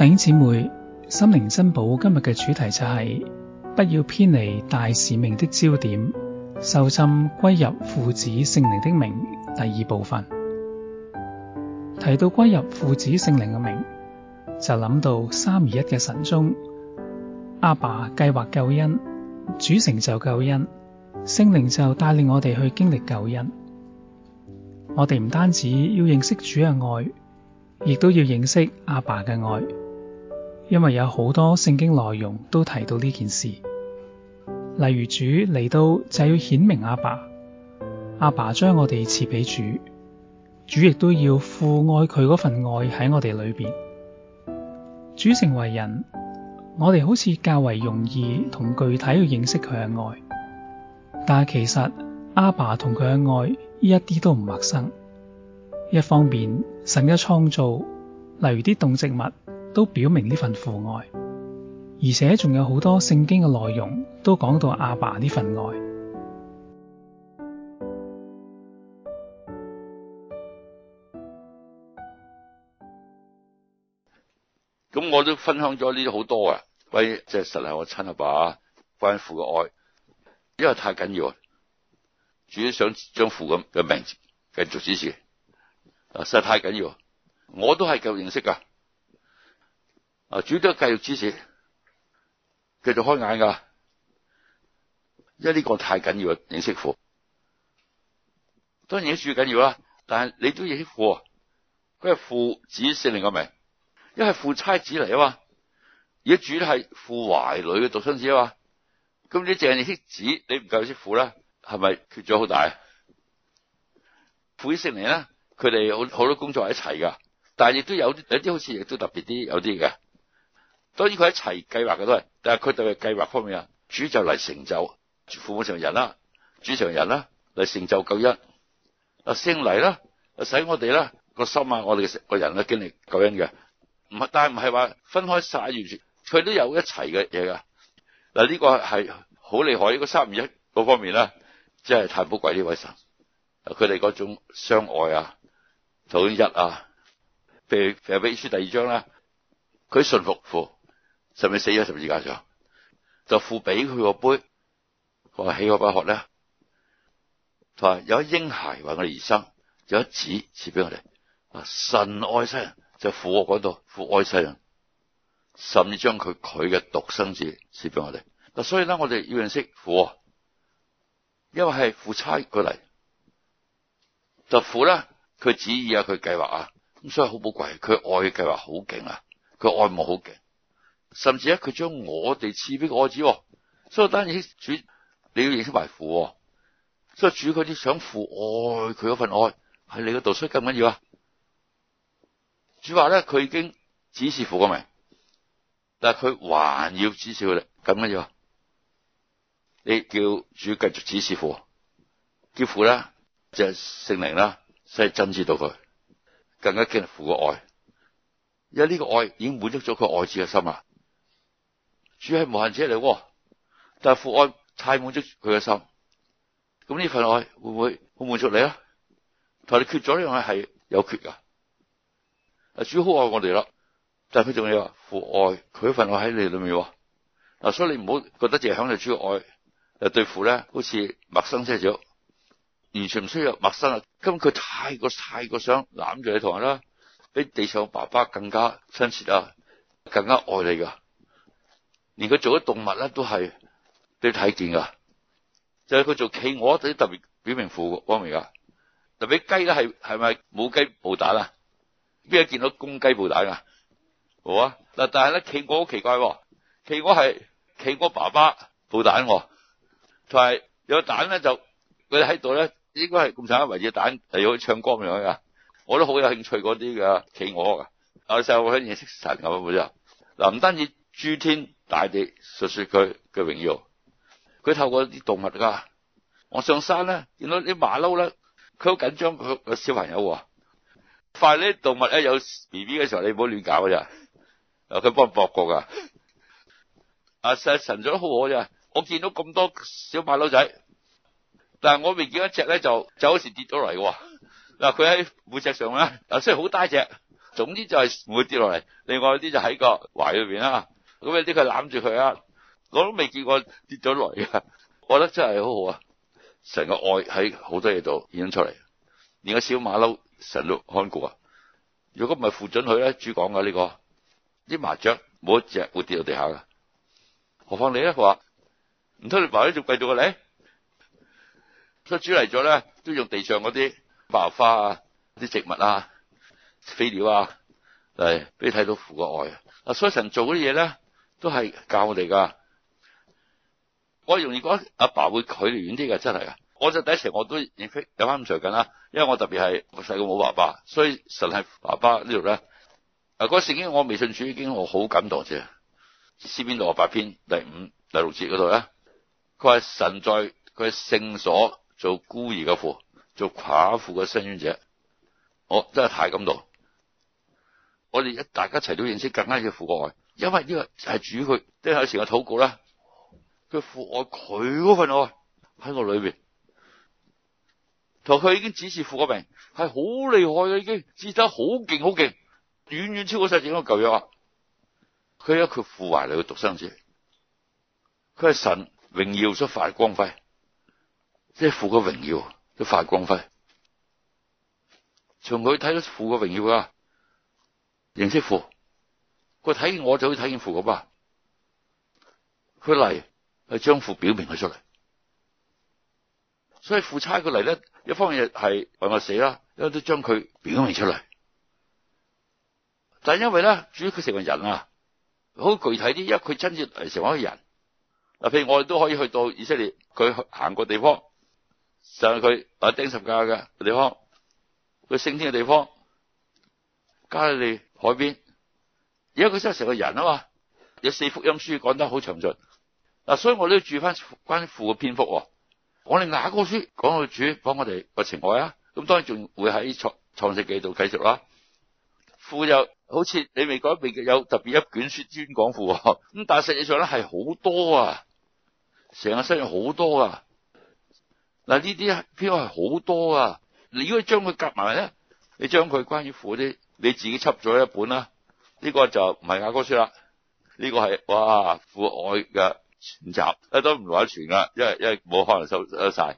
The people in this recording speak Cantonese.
弟兄姊妹，心靈珍寶今日嘅主題就係、是、不要偏離大使命的焦點，受浸歸，歸入父子聖靈的名。第二部分提到歸入父子聖靈嘅名，就諗到三而一嘅神中，阿爸計劃救恩，主成就救恩，聖靈就帶領我哋去經歷救恩。我哋唔單止要認識主嘅愛，亦都要認識阿爸嘅愛。因為有好多聖經內容都提到呢件事，例如主嚟到就係要顯明阿爸，阿爸將我哋賜俾主，主亦都要父愛佢嗰份愛喺我哋裏邊。主成為人，我哋好似較為容易同具體去認識佢嘅愛，但係其實阿爸同佢嘅愛一啲都唔陌生。一方面神一創造，例如啲動植物。都表明呢份父愛，而且仲有好多聖經嘅內容都講到阿爸呢份愛。咁我都分享咗呢啲好多啊，喂，即係實係我親阿爸關父嘅愛，因為太緊要，主要想將父咁嘅名繼續指示，啊，實在太緊要，我都係夠認識噶。啊！主都繼續支持，繼續開眼噶，因為呢個太緊要啦，認識父。當然，影主緊要啦，但係你都認識父。佢係父子聖靈，明？因為父差子嚟啊嘛，而主係父懷裏嘅獨生子啊嘛。咁你淨係識子，你唔夠識父啦，係咪缺咗好大？父聖靈啦，佢哋好好多工作喺一齊㗎，但係亦都有有啲好似亦都特別啲，有啲嘅。當然佢一齊計劃嘅都係，但係佢哋嘅計劃方面啊，主就嚟成就父母上人啦，主上人啦嚟成就救恩，啊升嚟啦，使我哋啦個心啊，我哋嘅個人咧、啊、經歷救恩嘅，唔係，但係唔係話分開晒完全，佢都有一齊嘅嘢噶。嗱、這、呢個係好厲害，呢個三二一嗰方面啦，真係太寶貴呢位神，佢哋嗰種相愛啊，同一啊，譬如《腓立比書》第二章啦，佢順服父。甚至死咗十字架上，就父俾佢個杯，佢話起開不喝咧。佢話有一嬰孩為我哋而生，有一子賜俾我哋。啊，神愛世人，就父我嗰度父愛世人，甚至將佢佢嘅獨生子賜俾我哋。嗱，所以咧，我哋要認識父我，因為係父差佢嚟，就父咧，佢旨意啊，佢計劃啊，咁所以好寶貴。佢愛嘅計劃好勁啊，佢愛慕好勁。甚至咧，佢將我哋賜俾個愛子，所以當然主你要認識埋父。所以主佢啲想父愛佢嗰份愛喺你嘅度出咁緊要啊！主話咧，佢已經指示父個名，但係佢還要指示佢咧，咁緊要啊！你叫主繼續指示父，叫父呢，就係聖靈啦，再真知到佢更加經歷父個愛，因為呢個愛已經滿足咗佢愛子嘅心啊！主係無限者嚟，但父愛太滿足佢嘅心，咁呢份愛會唔會會滿足你啊？同你缺咗呢樣係有缺噶。啊，主好愛我哋啦，但佢仲要話：「父愛，佢份愛喺你裏面喎。」所以你唔好覺得淨係享受主愛，誒對父咧好似陌生者咗，完全唔需要陌生啊。咁佢太過太過想攬住你，同埋啦，比地上爸爸更加親切啊，更加愛你噶。連佢做啲動物呢，都係都要睇見㗎。就係，是，佢做企鵝係特別表明富光榮噶，特別雞呢，係咪冇雞抱蛋啊？邊有見到公雞抱蛋噶，啊？冇啊！但係呢，企鵝好奇怪喎，啊，企鵝係企鵝爸爸抱蛋喎，啊，同埋有個蛋呢，就佢哋喺度呢，應該係咁上下圍住蛋，係要唱歌咁樣噶。我都好有興趣嗰啲㗎企鵝噶，我細個好似認識神，咁樣嗰啲嗱，唔單止諸天。大地述說佢嘅榮耀。佢透過啲動物噶，我上山呢，見到啲馬騮呢，佢好緊張佢個小朋友、啊。快啲動物咧有 B B 嘅時候，你唔好亂搞噶咋。啊，佢幫博國噶。阿 s i 好我咋？我見到咁多小馬騮仔，但係我未見一隻咧就，就好似跌咗嚟。嗱、啊，佢喺母石上咧，阿 s i 好大隻。總之就係唔會跌落嚟。另外嗰啲就喺個懷裏邊啦、啊。咁有啲佢攬住佢啊！我都未見過跌咗落嚟啊！我覺得真係好好啊！神個愛喺好多嘢度顯出嚟，連個小馬騮神都看顧啊！如果唔係父準佢咧，主講噶呢個啲、這個、麻雀冇一隻會跌到地下噶。何況你咧話唔通你爸雀做貴到過嚟？所以主嚟咗咧，都用地上嗰啲百合花啊、啲植物啊、飛鳥啊嚟俾你睇到父個愛啊！啊，所以神做嗰啲嘢咧～都係教我哋噶，我容易覺得阿爸距離遠啲嘅，真係噶。我就第一時我都認識有翻咁隨緊啦，因為我特別係我細個冇爸爸，所以神係爸爸呢度咧。嗱，嗰聖經我未信主經我好感動啫，《詩篇六十八篇》第五、第六節嗰度咧，佢係神在佢聖所做孤兒嘅父，做寡婦嘅伸冤者，我真係太感動。我哋一大家一齊都認識更加嘅父愛。因為呢個係主佢，即係成日禱告啦，佢父愛佢嗰份愛喺我裏邊。同佢已經指示父嗰名，係好厲害嘅，已經指得好勁，好勁，遠遠超過晒整嗰舊約啊！佢一佢父懷裏嘅獨生子，佢係神榮耀所發嘅光輝，即係父嘅榮耀，都發光輝。從佢睇到父嘅榮耀啊，認識父。佢睇見我就可以睇見父咁啊！佢嚟，係將父表明佢出嚟。所以父差佢嚟咧，一方面係為我死啦，一都將佢表明出嚟。但係因為咧，主要佢成為人啊，好具體啲，因為佢親自嚟成為一個人。嗱，譬如我哋都可以去到以色列，佢行過的地方，就係佢打釘十架嘅地方，佢升天嘅地方，加利利海邊。而家佢真係成個人啊嘛！有四福音書講得好詳盡嗱，所以我都要住翻關於父嘅篇幅。我哋雅歌書講到主幫我哋個情愛啊，咁當然仲會喺創創世記度繼續啦。父又好似你未講，未有特別一卷書專講父咁，但係實際上咧係好多啊，成個世界好多啊嗱，呢啲篇係好多啊。你如果將佢夾埋咧，你將佢關於父啲，你自己輯咗一本啦。呢個就唔係亞哥書啦，呢、這個係哇父愛嘅全集，都唔落全㗎，因為因為冇可能收得曬。